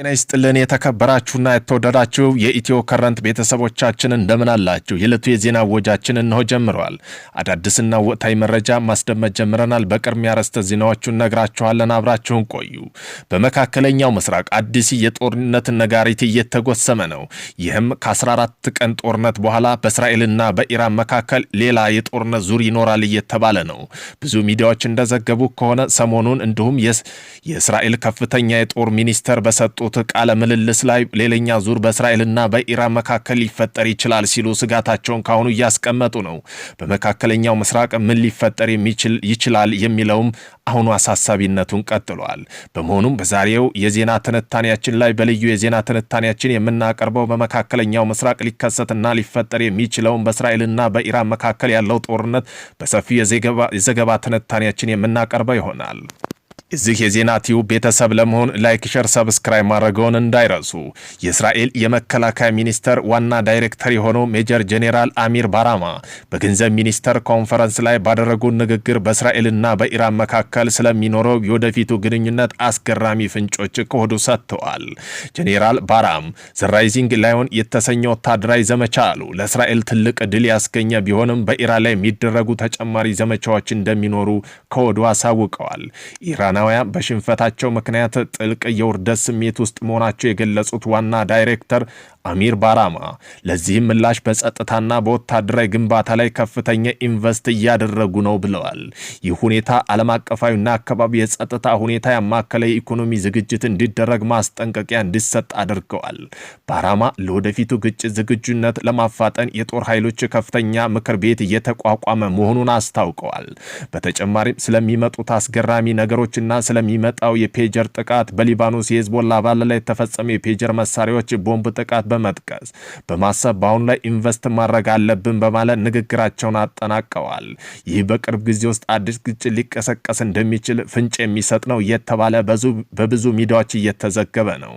ጤና ይስጥልን የተከበራችሁና የተወደዳችሁ የኢትዮ ከረንት ቤተሰቦቻችን እንደምን አላችሁ? የዕለቱ የዜና ወጃችን እንሆ ጀምረዋል። አዳዲስና ወቅታዊ መረጃ ማስደመጥ ጀምረናል። በቅድሚያ ርዕሰ ዜናዎቹን ነግራችኋለን። አብራችሁን ቆዩ። በመካከለኛው ምስራቅ አዲስ የጦርነት ነጋሪት እየተጎሰመ ነው። ይህም ከ14 ቀን ጦርነት በኋላ በእስራኤልና በኢራን መካከል ሌላ የጦርነት ዙር ይኖራል እየተባለ ነው። ብዙ ሚዲያዎች እንደዘገቡ ከሆነ ሰሞኑን እንዲሁም የእስራኤል ከፍተኛ የጦር ሚኒስተር በሰጡ በሰጡት ቃለ ምልልስ ላይ ሌላኛ ዙር በእስራኤልና በኢራን መካከል ሊፈጠር ይችላል ሲሉ ስጋታቸውን ካሁኑ እያስቀመጡ ነው። በመካከለኛው ምስራቅ ምን ሊፈጠር ይችላል የሚለውም አሁኑ አሳሳቢነቱን ቀጥሏል። በመሆኑም በዛሬው የዜና ትንታኔያችን ላይ በልዩ የዜና ትንታኔያችን የምናቀርበው በመካከለኛው ምስራቅ ሊከሰትና ሊፈጠር የሚችለውን በእስራኤልና በኢራን መካከል ያለው ጦርነት በሰፊው የዘገባ ትንታኔያችን የምናቀርበው ይሆናል። እዚህ የዜና ቲዩብ ቤተሰብ ለመሆን ላይክ፣ ሸር፣ ሰብስክራይብ ማድረገውን እንዳይረሱ። የእስራኤል የመከላከያ ሚኒስቴር ዋና ዳይሬክተር የሆነው ሜጀር ጄኔራል አሚር ባራማ በገንዘብ ሚኒስቴር ኮንፈረንስ ላይ ባደረጉት ንግግር በእስራኤልና በኢራን መካከል ስለሚኖረው የወደፊቱ ግንኙነት አስገራሚ ፍንጮች ከሆዱ ሰጥተዋል። ጄኔራል ባራም ዘራይዚንግ ላይሆን የተሰኘ ወታደራዊ ዘመቻ አሉ ለእስራኤል ትልቅ ድል ያስገኘ ቢሆንም በኢራን ላይ የሚደረጉ ተጨማሪ ዘመቻዎች እንደሚኖሩ ከወዱ አሳውቀዋል። ኢራን ጣናውያን በሽንፈታቸው ምክንያት ጥልቅ የውርደት ስሜት ውስጥ መሆናቸው የገለጹት ዋና ዳይሬክተር አሚር ባራማ ለዚህም ምላሽ በጸጥታና በወታደራዊ ግንባታ ላይ ከፍተኛ ኢንቨስት እያደረጉ ነው ብለዋል። ይህ ሁኔታ ዓለም አቀፋዊና አካባቢ የጸጥታ ሁኔታ ያማከለ የኢኮኖሚ ዝግጅት እንዲደረግ ማስጠንቀቂያ እንዲሰጥ አድርገዋል። ባራማ ለወደፊቱ ግጭት ዝግጁነት ለማፋጠን የጦር ኃይሎች ከፍተኛ ምክር ቤት እየተቋቋመ መሆኑን አስታውቀዋል። በተጨማሪም ስለሚመጡት አስገራሚ ነገሮች እና ስለሚመጣው የፔጀር ጥቃት በሊባኖስ የህዝቦላ አባል ላይ የተፈጸመ የፔጀር መሳሪያዎች ቦምብ ጥቃት በመጥቀስ በማሰብ በአሁኑ ላይ ኢንቨስት ማድረግ አለብን በማለት ንግግራቸውን አጠናቀዋል። ይህ በቅርብ ጊዜ ውስጥ አዲስ ግጭት ሊቀሰቀስ እንደሚችል ፍንጭ የሚሰጥ ነው እየተባለ በብዙ ሚዲያዎች እየተዘገበ ነው።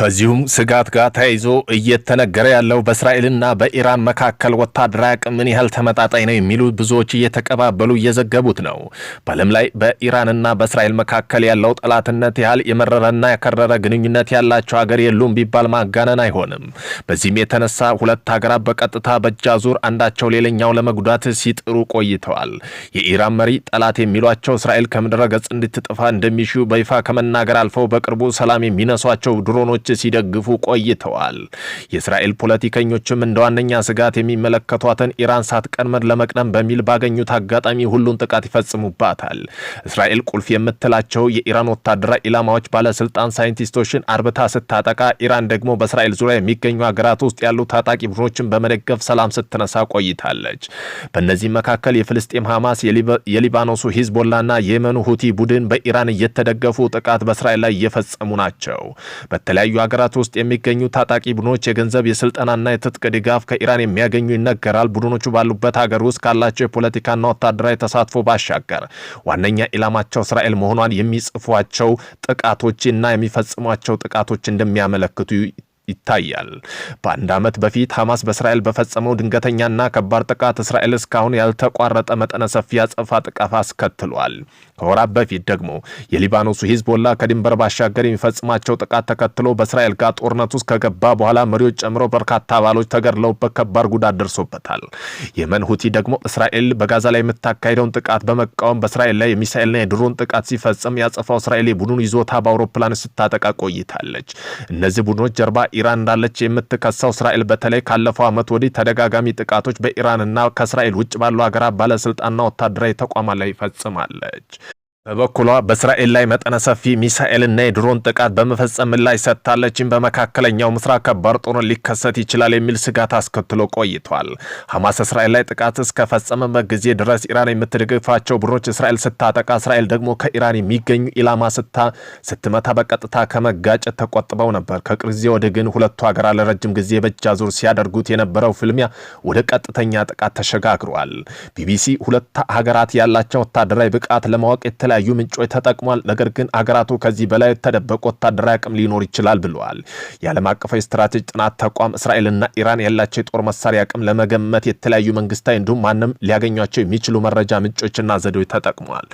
ከዚሁም ስጋት ጋር ተያይዞ እየተነገረ ያለው በእስራኤልና በኢራን መካከል ወታደራዊ አቅም ምን ያህል ተመጣጣኝ ነው የሚሉ ብዙዎች እየተቀባበሉ እየዘገቡት ነው። በዓለም ላይ በኢራንና በእስራኤል መካከል ያለው ጠላትነት ያህል የመረረና ያከረረ ግንኙነት ያላቸው ሀገር የሉም ቢባል ማጋነን አይሆንም። በዚህም የተነሳ ሁለት ሀገራት በቀጥታ በእጅ አዙር አንዳቸው ሌላኛው ለመጉዳት ሲጥሩ ቆይተዋል። የኢራን መሪ ጠላት የሚሏቸው እስራኤል ከምድረ ገጽ እንድትጠፋ እንደሚሹ በይፋ ከመናገር አልፈው በቅርቡ ሰላም የሚነሷቸው ድሮኖች ሰዎች ሲደግፉ ቆይተዋል። የእስራኤል ፖለቲከኞችም እንደ ዋነኛ ስጋት የሚመለከቷትን ኢራን ሳትቀድመን ለመቅደም በሚል ባገኙት አጋጣሚ ሁሉን ጥቃት ይፈጽሙባታል። እስራኤል ቁልፍ የምትላቸው የኢራን ወታደራዊ ኢላማዎች ባለስልጣን ሳይንቲስቶችን አርብታ ስታጠቃ፣ ኢራን ደግሞ በእስራኤል ዙሪያ የሚገኙ ሀገራት ውስጥ ያሉ ታጣቂ ቡድኖችን በመደገፍ ሰላም ስትነሳ ቆይታለች። በእነዚህም መካከል የፍልስጤም ሐማስ፣ የሊባኖሱ ሂዝቦላና የየመኑ ሁቲ ቡድን በኢራን እየተደገፉ ጥቃት በእስራኤል ላይ እየፈጸሙ ናቸው። በተለያዩ በተለያዩ ሀገራት ውስጥ የሚገኙ ታጣቂ ቡድኖች የገንዘብ የስልጠናና የትጥቅ ድጋፍ ከኢራን የሚያገኙ ይነገራል። ቡድኖቹ ባሉበት ሀገር ውስጥ ካላቸው የፖለቲካና ወታደራዊ ተሳትፎ ባሻገር ዋነኛ ኢላማቸው እስራኤል መሆኗን የሚጽፏቸው ጥቃቶችና የሚፈጽሟቸው ጥቃቶች እንደሚያመለክቱ ይታያል። በአንድ ዓመት በፊት ሐማስ በእስራኤል በፈጸመው ድንገተኛና ከባድ ጥቃት እስራኤል እስካሁን ያልተቋረጠ መጠነ ሰፊ ያጸፋ ጥቃፍ አስከትሏል። ከወራት በፊት ደግሞ የሊባኖሱ ሂዝቦላ ከድንበር ባሻገር የሚፈጽማቸው ጥቃት ተከትሎ በእስራኤል ጋር ጦርነት ውስጥ ከገባ በኋላ መሪዎች ጨምሮ በርካታ አባሎች ተገድለውበት ከባድ ጉዳት ደርሶበታል። የመን ሁቲ ደግሞ እስራኤል በጋዛ ላይ የምታካሄደውን ጥቃት በመቃወም በእስራኤል ላይ የሚሳኤልና የድሮን ጥቃት ሲፈጽም ያጸፋው እስራኤል የቡድኑ ይዞታ በአውሮፕላን ስታጠቃ ቆይታለች። እነዚህ ቡድኖች ጀርባ ኢራን እንዳለች የምትከሰው እስራኤል በተለይ ካለፈው ዓመት ወዲህ ተደጋጋሚ ጥቃቶች በኢራንና ከእስራኤል ውጭ ባሉ ሀገራት ባለስልጣንና ወታደራዊ ተቋማት ላይ ፈጽማለች። በበኩሏ በእስራኤል ላይ መጠነ ሰፊ ሚሳኤልና የድሮን ጥቃት በመፈጸም ላይ ሰጥታለችን። በመካከለኛው ምስራቅ ከባድ ጦርነት ሊከሰት ይችላል የሚል ስጋት አስከትሎ ቆይቷል። ሐማስ እስራኤል ላይ ጥቃት እስከፈጸመበት ጊዜ ድረስ ኢራን የምትደግፋቸው ቡድኖች እስራኤል ስታጠቃ፣ እስራኤል ደግሞ ከኢራን የሚገኙ ኢላማ ስታ ስትመታ በቀጥታ ከመጋጨት ተቆጥበው ነበር። ከቅርብ ጊዜ ወደ ግን ሁለቱ ሀገራት ለረጅም ጊዜ በእጅ ዙር ሲያደርጉት የነበረው ፍልሚያ ወደ ቀጥተኛ ጥቃት ተሸጋግሯል። ቢቢሲ ሁለት ሀገራት ያላቸው ወታደራዊ ብቃት ለማወቅ የተለያዩ ምንጮች ተጠቅሟል። ነገር ግን አገራቱ ከዚህ በላይ ተደበቁ ወታደራዊ አቅም ሊኖር ይችላል ብለዋል። የዓለም አቀፋዊ ስትራቴጂ ጥናት ተቋም እስራኤልና ኢራን ያላቸው የጦር መሳሪያ አቅም ለመገመት የተለያዩ መንግስታዊ እንዲሁም ማንም ሊያገኟቸው የሚችሉ መረጃ ምንጮችና ዘዴዎች ተጠቅሟል።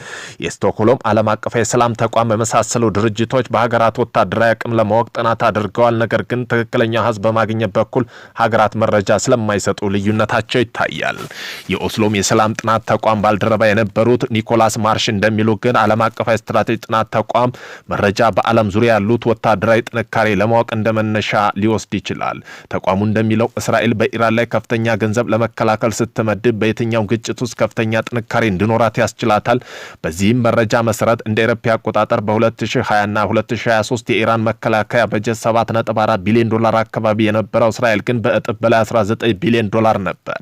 የስቶክሆልም ዓለም አቀፋዊ የሰላም ተቋም በመሳሰሉ ድርጅቶች በሀገራት ወታደራዊ አቅም ለማወቅ ጥናት አድርገዋል። ነገር ግን ትክክለኛ ህዝብ በማግኘት በኩል ሀገራት መረጃ ስለማይሰጡ ልዩነታቸው ይታያል። የኦስሎም የሰላም ጥናት ተቋም ባልደረባ የነበሩት ኒኮላስ ማርሽ እንደሚሉ ግን ዓለም አቀፍ ስትራቴጂ ጥናት ተቋም መረጃ በዓለም ዙሪያ ያሉት ወታደራዊ ጥንካሬ ለማወቅ እንደ መነሻ ሊወስድ ይችላል። ተቋሙ እንደሚለው እስራኤል በኢራን ላይ ከፍተኛ ገንዘብ ለመከላከል ስትመድብ በየትኛው ግጭት ውስጥ ከፍተኛ ጥንካሬ እንዲኖራት ያስችላታል። በዚህም መረጃ መሰረት እንደ ኤሮፓ አቆጣጠር በ 2020 እና 2023 የኢራን መከላከያ በጀት 7.4 ቢሊዮን ዶላር አካባቢ የነበረው እስራኤል ግን በእጥፍ በላይ 19 ቢሊዮን ዶላር ነበር።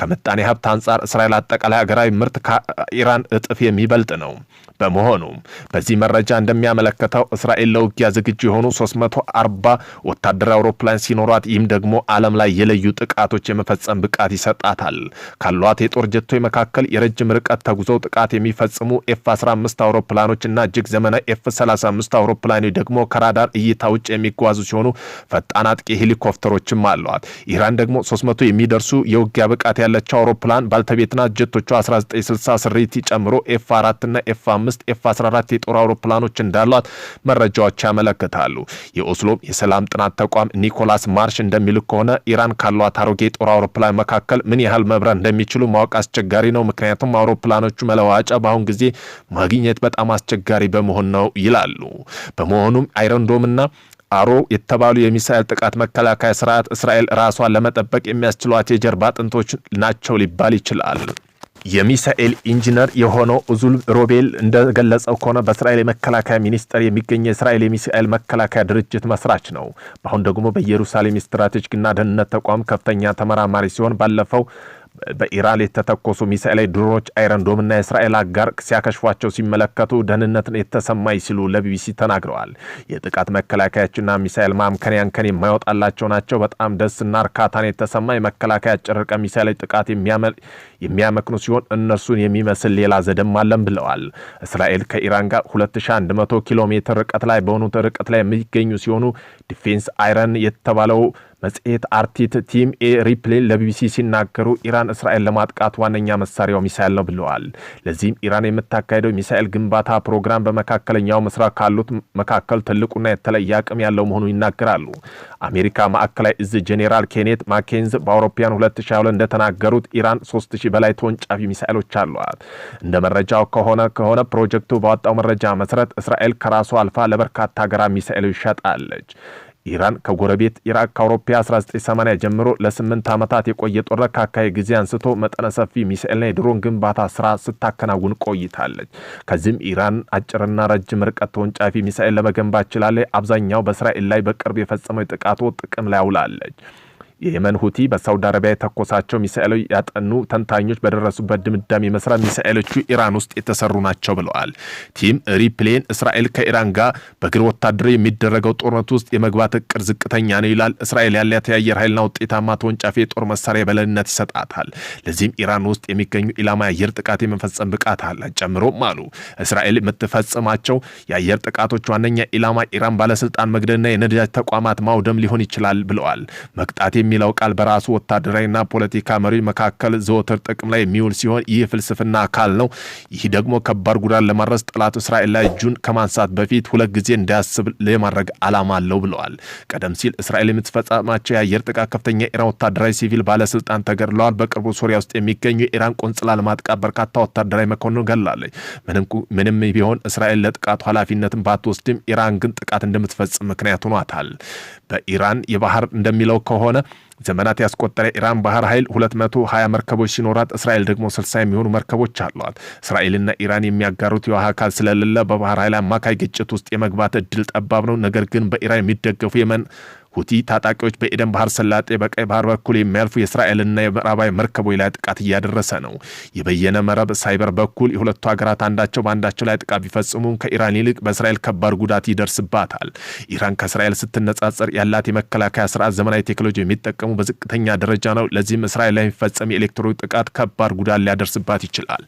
ከምጣኔ ሀብት አንጻር እስራኤል አጠቃላይ ሀገራዊ ምርት ከኢራን እጥፍ የሚበልጥ ነው። በመሆኑ በዚህ መረጃ እንደሚያመለከተው እስራኤል ለውጊያ ዝግጁ የሆኑ 340 ወታደራዊ አውሮፕላን ሲኖሯት ይህም ደግሞ ዓለም ላይ የለዩ ጥቃቶች የመፈጸም ብቃት ይሰጣታል። ካሏት የጦር ጀቶች መካከል የረጅም ርቀት ተጉዘው ጥቃት የሚፈጽሙ ኤፍ 15 አውሮፕላኖች እና እጅግ ዘመናዊ ኤፍ 35 አውሮፕላኖች ደግሞ ከራዳር እይታ ውጭ የሚጓዙ ሲሆኑ ፈጣን አጥቂ ሄሊኮፕተሮችም አለዋት። ኢራን ደግሞ 300 የሚደርሱ የውጊያ ብቃት ያላቸው አውሮፕላን ባልተቤትና ጀቶቿ 1960 ስሪት ጨምሮ ኤፍ 4 እና ኤፍ 5 አምስት ኤፍ 14 የጦር አውሮፕላኖች እንዳሏት መረጃዎች ያመለክታሉ። የኦስሎም የሰላም ጥናት ተቋም ኒኮላስ ማርሽ እንደሚልክ ከሆነ ኢራን ካሏት አሮጌ የጦር አውሮፕላን መካከል ምን ያህል መብረር እንደሚችሉ ማወቅ አስቸጋሪ ነው። ምክንያቱም አውሮፕላኖቹ መለዋጫ በአሁን ጊዜ ማግኘት በጣም አስቸጋሪ በመሆን ነው ይላሉ። በመሆኑም አይረንዶምና አሮ የተባሉ የሚሳኤል ጥቃት መከላከያ ስርዓት እስራኤል ራሷን ለመጠበቅ የሚያስችሏት የጀርባ አጥንቶች ናቸው ሊባል ይችላል። የሚሳኤል ኢንጂነር የሆነው ኡዙል ሮቤል እንደገለጸው ከሆነ በእስራኤል የመከላከያ ሚኒስቴር የሚገኝ የእስራኤል የሚሳኤል መከላከያ ድርጅት መስራች ነው። በአሁን ደግሞ በኢየሩሳሌም የስትራቴጂክና ደህንነት ተቋም ከፍተኛ ተመራማሪ ሲሆን ባለፈው በኢራን የተተኮሱ ሚሳኤላዊ ድሮች አይረን ዶምና የእስራኤል አጋር ሲያከሽፏቸው ሲመለከቱ ደህንነትን የተሰማኝ ሲሉ ለቢቢሲ ተናግረዋል። የጥቃት መከላከያችንና ሚሳኤል ማምከንያን ከኔ የማይወጣላቸው ናቸው። በጣም ደስና እርካታን የተሰማኝ መከላከያ አጭር ሚሳኤላዊ ጥቃት የሚያመክኑ ሲሆን እነርሱን የሚመስል ሌላ ዘደም አለን ብለዋል። እስራኤል ከኢራን ጋር 2100 ኪሎ ሜትር ርቀት ላይ በሆኑት ርቀት ላይ የሚገኙ ሲሆኑ ዲፌንስ አይረን የተባለው መጽሔት አርቲት ቲም ኤ ሪፕሌን ለቢቢሲ ሲናገሩ ኢራን እስራኤል ለማጥቃት ዋነኛ መሳሪያው ሚሳኤል ነው ብለዋል። ለዚህም ኢራን የምታካሄደው ሚሳኤል ግንባታ ፕሮግራም በመካከለኛው ምስራቅ ካሉት መካከል ትልቁና የተለየ አቅም ያለው መሆኑ ይናገራሉ። አሜሪካ ማዕከላዊ እዝ ጄኔራል ኬኔት ማኬንዝ በአውሮፓውያን 2022 እንደተናገሩት ኢራን 3000 በላይ ተወንጫፊ ሚሳኤሎች አሏት። እንደ መረጃው ከሆነ ከሆነ ፕሮጀክቱ ባወጣው መረጃ መሰረት እስራኤል ከራሱ አልፋ ለበርካታ ሀገራት ሚሳኤል ይሸጣለች። ኢራን ከጎረቤት ኢራቅ ከአውሮፓ 1980 ጀምሮ ለስምንት ዓመታት የቆየ ጦርነት ካካሄደ ጊዜ አንስቶ መጠነ ሰፊ ሚሳኤልና የድሮን ግንባታ ስራ ስታከናውን ቆይታለች። ከዚህም ኢራን አጭርና ረጅም ርቀት ተወንጫፊ ሚሳኤል ለመገንባት ችላለች። አብዛኛው በእስራኤል ላይ በቅርብ የፈጸመው ጥቃቶ ጥቅም ላይ አውላለች። የየመን ሁቲ በሳውዲ አረቢያ የተኮሳቸው ሚሳኤሎች ያጠኑ ተንታኞች በደረሱበት ድምዳሜ መሰረት ሚሳኤሎቹ ኢራን ውስጥ የተሰሩ ናቸው ብለዋል። ቲም ሪፕሌን እስራኤል ከኢራን ጋር በእግር ወታደራዊ የሚደረገው ጦርነት ውስጥ የመግባት እቅድ ዝቅተኛ ነው ይላል። እስራኤል ያላት የአየር ኃይልና ውጤታማ ተወንጫፊ የጦር መሳሪያ የበላይነት ይሰጣታል። ለዚህም ኢራን ውስጥ የሚገኙ ኢላማ የአየር ጥቃት የመፈጸም ብቃት አላት ጨምሮም አሉ። እስራኤል የምትፈጽማቸው የአየር ጥቃቶች ዋነኛ ኢላማ ኢራን ባለስልጣን መግደልና የነዳጅ ተቋማት ማውደም ሊሆን ይችላል ብለዋል። መቅጣት የሚለው ቃል በራሱ ወታደራዊና ፖለቲካ መሪዎች መካከል ዘወትር ጥቅም ላይ የሚውል ሲሆን ይህ ፍልስፍና አካል ነው። ይህ ደግሞ ከባድ ጉዳት ለማድረስ ጠላት እስራኤል ላይ እጁን ከማንሳት በፊት ሁለት ጊዜ እንዳያስብ ለማድረግ ዓላማ አለው ብለዋል። ቀደም ሲል እስራኤል የምትፈጸማቸው የአየር ጥቃት ከፍተኛ የኢራን ወታደራዊ ሲቪል ባለስልጣን ተገድለዋል። በቅርቡ ሶሪያ ውስጥ የሚገኙ የኢራን ቆንጽላ ለማጥቃት በርካታ ወታደራዊ መኮንን ገላለች። ምንም ቢሆን እስራኤል ለጥቃቱ ኃላፊነትን ባትወስድም ኢራን ግን ጥቃት እንደምትፈጽም ምክንያት ሆኗታል። በኢራን የባህር እንደሚለው ከሆነ ዘመናት ያስቆጠረ ኢራን ባህር ኃይል 220 መርከቦች ሲኖራት እስራኤል ደግሞ 60 የሚሆኑ መርከቦች አሏት። እስራኤልና ኢራን የሚያጋሩት የውሃ አካል ስለሌለ በባህር ኃይል አማካይ ግጭት ውስጥ የመግባት እድል ጠባብ ነው። ነገር ግን በኢራን የሚደገፉ የመን ሁቲ ታጣቂዎች በኤደን ባህር ሰላጤ በቀይ ባህር በኩል የሚያልፉ የእስራኤልና የምዕራባዊ መርከቦች ላይ ጥቃት እያደረሰ ነው። የበየነ መረብ ሳይበር በኩል የሁለቱ ሀገራት አንዳቸው በአንዳቸው ላይ ጥቃት ቢፈጽሙም ከኢራን ይልቅ በእስራኤል ከባድ ጉዳት ይደርስባታል። ኢራን ከእስራኤል ስትነጻጸር ያላት የመከላከያ ስርዓት ዘመናዊ ቴክኖሎጂ የሚጠቀሙ በዝቅተኛ ደረጃ ነው። ለዚህም እስራኤል ላይ የሚፈጸም የኤሌክትሮኒክ ጥቃት ከባድ ጉዳት ሊያደርስባት ይችላል።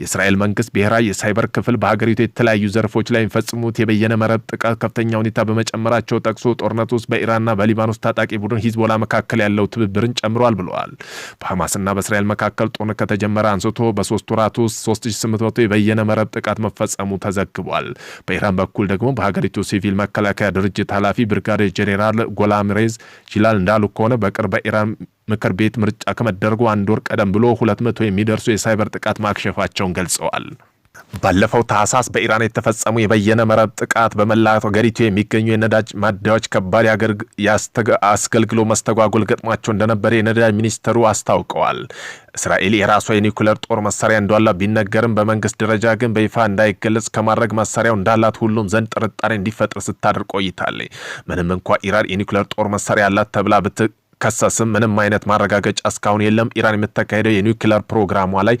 የእስራኤል መንግስት ብሔራዊ የሳይበር ክፍል በሀገሪቱ የተለያዩ ዘርፎች ላይ የሚፈጽሙት የበየነ መረብ ጥቃት ከፍተኛ ሁኔታ በመጨመራቸው ጠቅሶ ጦርነት ውስጥ በኢራን በኢራንና በሊባኖስ ታጣቂ ቡድን ሂዝቦላ መካከል ያለው ትብብርን ጨምሯል ብለዋል። በሐማስና በእስራኤል መካከል ጦርነት ከተጀመረ አንስቶ በሶስት ወራት ውስጥ 3800 የበየነ መረብ ጥቃት መፈጸሙ ተዘግቧል። በኢራን በኩል ደግሞ በሀገሪቱ ሲቪል መከላከያ ድርጅት ኃላፊ ብርጋዴር ጄኔራል ጎላምሬዝ ጂላል እንዳሉ ከሆነ በቅርብ በኢራን ምክር ቤት ምርጫ ከመደረጉ አንድ ወር ቀደም ብሎ 200 የሚደርሱ የሳይበር ጥቃት ማክሸፋቸውን ገልጸዋል። ባለፈው ታህሳስ በኢራን የተፈጸሙ የበየነ መረብ ጥቃት በመላ ሀገሪቱ የሚገኙ የነዳጅ ማደያዎች ከባድ አስገልግሎ መስተጓጎል ገጥሟቸው እንደነበረ የነዳጅ ሚኒስተሩ አስታውቀዋል። እስራኤል የራሷ የኒኩለር ጦር መሳሪያ እንዷላ ቢነገርም በመንግስት ደረጃ ግን በይፋ እንዳይገለጽ ከማድረግ መሳሪያው እንዳላት ሁሉም ዘንድ ጥርጣሬ እንዲፈጥር ስታደር ቆይታለች። ምንም እንኳ ኢራን የኒኩለር ጦር መሳሪያ ያላት ተብላ ብትከሰስም ምንም አይነት ማረጋገጫ እስካሁን የለም። ኢራን የምታካሄደው የኒውክሌር ፕሮግራሟ ላይ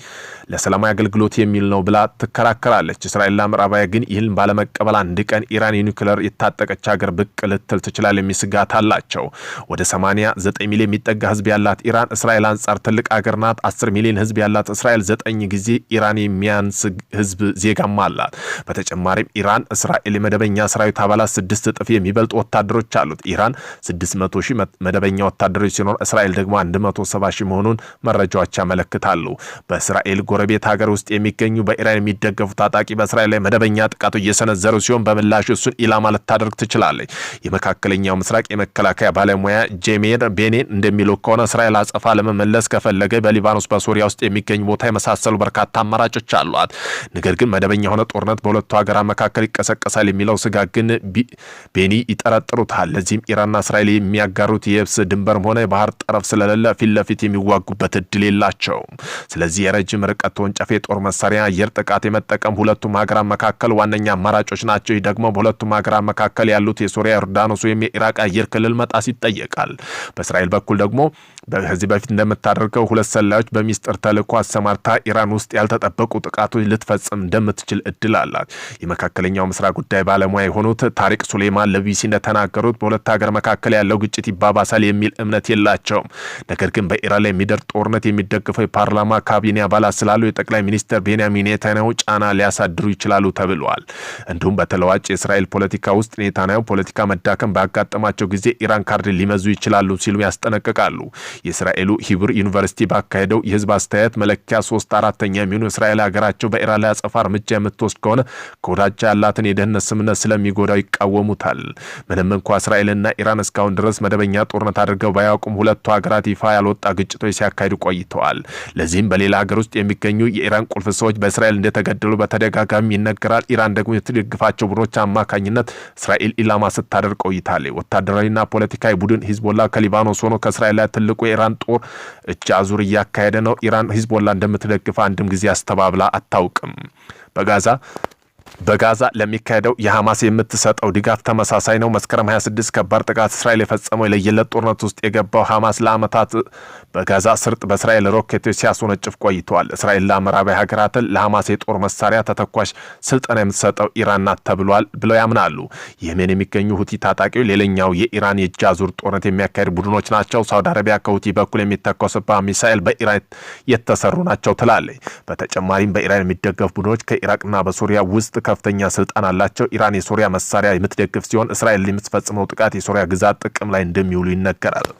ለሰላማዊ አገልግሎት የሚል ነው ብላ ትከራከራለች። እስራኤልና ምዕራባዊ ግን ይህን ባለመቀበል አንድ ቀን ኢራን የኒውክሌር የታጠቀች ሀገር ብቅ ልትል ትችላል የሚል ስጋት አላቸው። ወደ 89 ሚሊዮን የሚጠጋ ህዝብ ያላት ኢራን እስራኤል አንጻር ትልቅ ሀገር ናት። 10 ሚሊዮን ህዝብ ያላት እስራኤል ዘጠኝ ጊዜ ኢራን የሚያንስ ህዝብ ዜጋማ አላት። በተጨማሪም ኢራን እስራኤል የመደበኛ ሰራዊት አባላት ስድስት እጥፍ የሚበልጡ ወታደሮች አሉት። ኢራን 600 ሺህ መደበኛ ወታደሮች ወታደሮች ሲኖር እስራኤል ደግሞ 170 ሺህ መሆኑን መረጃዎች ያመለክታሉ። በእስራኤል ጎረቤት ሀገር ውስጥ የሚገኙ በኢራን የሚደገፉ ታጣቂ በእስራኤል ላይ መደበኛ ጥቃቱ እየሰነዘሩ ሲሆን በምላሹ እሱን ኢላማ ልታደርግ ትችላለች። የመካከለኛው ምስራቅ የመከላከያ ባለሙያ ጄሜር ቤኔን እንደሚለው ከሆነ እስራኤል አጸፋ ለመመለስ ከፈለገ በሊባኖስ፣ በሶሪያ ውስጥ የሚገኙ ቦታ የመሳሰሉ በርካታ አማራጮች አሏት። ነገር ግን መደበኛ የሆነ ጦርነት በሁለቱ ሀገራት መካከል ይቀሰቀሳል የሚለው ስጋት ግን ቤኒ ይጠረጥሩታል። ለዚህም ኢራንና እስራኤል የሚያጋሩት የብስ ድንበር ዳርም ሆነ የባህር ጠረፍ ስለሌለ ፊት ለፊት የሚዋጉበት እድል የላቸው። ስለዚህ የረጅም ርቀት ተወንጫፊ የጦር መሳሪያ አየር ጥቃት የመጠቀም ሁለቱም ሀገራት መካከል ዋነኛ አማራጮች ናቸው። ይህ ደግሞ በሁለቱም ሀገራት መካከል ያሉት የሶሪያ ዮርዳኖስ፣ ወይም የኢራቅ አየር ክልል መጣስ ይጠየቃል። በእስራኤል በኩል ደግሞ ከዚህ በፊት እንደምታደርገው ሁለት ሰላዮች በሚስጥር ተልእኮ አሰማርታ ኢራን ውስጥ ያልተጠበቁ ጥቃቶች ልትፈጽም እንደምትችል እድል አላት። የመካከለኛው ምስራቅ ጉዳይ ባለሙያ የሆኑት ታሪቅ ሱሌማን ለቢቢሲ እንደተናገሩት በሁለት ሀገር መካከል ያለው ግጭት ይባባሳል የሚል እምነት የላቸውም። ነገር ግን በኢራን ላይ የሚደርስ ጦርነት የሚደግፈው የፓርላማ ካቢኔ አባላት ስላሉ የጠቅላይ ሚኒስትር ቤንያሚን ኔታንያሁ ጫና ሊያሳድሩ ይችላሉ ተብሏል እንዲሁም በተለዋጭ የእስራኤል ፖለቲካ ውስጥ ኔታንያሁ ፖለቲካ መዳከም ባጋጠማቸው ጊዜ ኢራን ካርድ ሊመዙ ይችላሉ ሲሉ ያስጠነቅቃሉ። የእስራኤሉ ሂብር ዩኒቨርሲቲ ባካሄደው የህዝብ አስተያየት መለኪያ ሶስት አራተኛ የሚሆኑ እስራኤል ሀገራቸው በኢራን ላይ አጸፋ እርምጃ የምትወስድ ከሆነ ከወዳጃ ያላትን የደህንነት ስምነት ስለሚጎዳው ይቃወሙታል። ምንም እንኳ እስራኤልና ኢራን እስካሁን ድረስ መደበኛ ጦርነት አድርገው ባያውቁም ሁለቱ ሀገራት ይፋ ያልወጣ ግጭቶች ሲያካሂዱ ቆይተዋል። ለዚህም በሌላ ሀገር ውስጥ የሚገኙ የኢራን ቁልፍ ሰዎች በእስራኤል እንደተገደሉ በተደጋጋሚ ይነገራል። ኢራን ደግሞ የምትደግፋቸው ቡድኖች አማካኝነት እስራኤል ኢላማ ስታደርግ ቆይታለች። ወታደራዊና ፖለቲካዊ ቡድን ሂዝቦላ ከሊባኖስ ሆኖ ከእስራኤል ላይ ትልቁ የኢራን ጦር እጅ አዙር እያካሄደ ነው። ኢራን ሂዝቦላ እንደምትደግፍ አንድም ጊዜ አስተባብላ አታውቅም። በጋዛ በጋዛ ለሚካሄደው የሐማስ የምትሰጠው ድጋፍ ተመሳሳይ ነው። መስከረም 26 ከባድ ጥቃት እስራኤል የፈጸመው የለየለት ጦርነት ውስጥ የገባው ሐማስ ለዓመታት በጋዛ ስርጥ በእስራኤል ሮኬቶች ሲያስወነጭፍ ቆይተዋል። እስራኤል ምዕራባዊ ሀገራትን ለሐማስ የጦር መሳሪያ ተተኳሽ ስልጠና የምትሰጠው ኢራን ናት ተብሏል ብለው ያምናሉ። የመን የሚገኙ ሁቲ ታጣቂዎች ሌላኛው የኢራን የእጅ አዙር ጦርነት የሚያካሄድ ቡድኖች ናቸው። ሳውዲ አረቢያ ከሁቲ በኩል የሚተኮስባ ሚሳኤል በኢራን የተሰሩ ናቸው ትላለች። በተጨማሪም በኢራን የሚደገፉ ቡድኖች ከኢራቅና በሱሪያ ውስጥ ከፍተኛ ስልጣን አላቸው። ኢራን የሱሪያ መሳሪያ የምትደግፍ ሲሆን እስራኤል የምትፈጽመው ጥቃት የሱሪያ ግዛት ጥቅም ላይ እንደሚውሉ ይነገራል።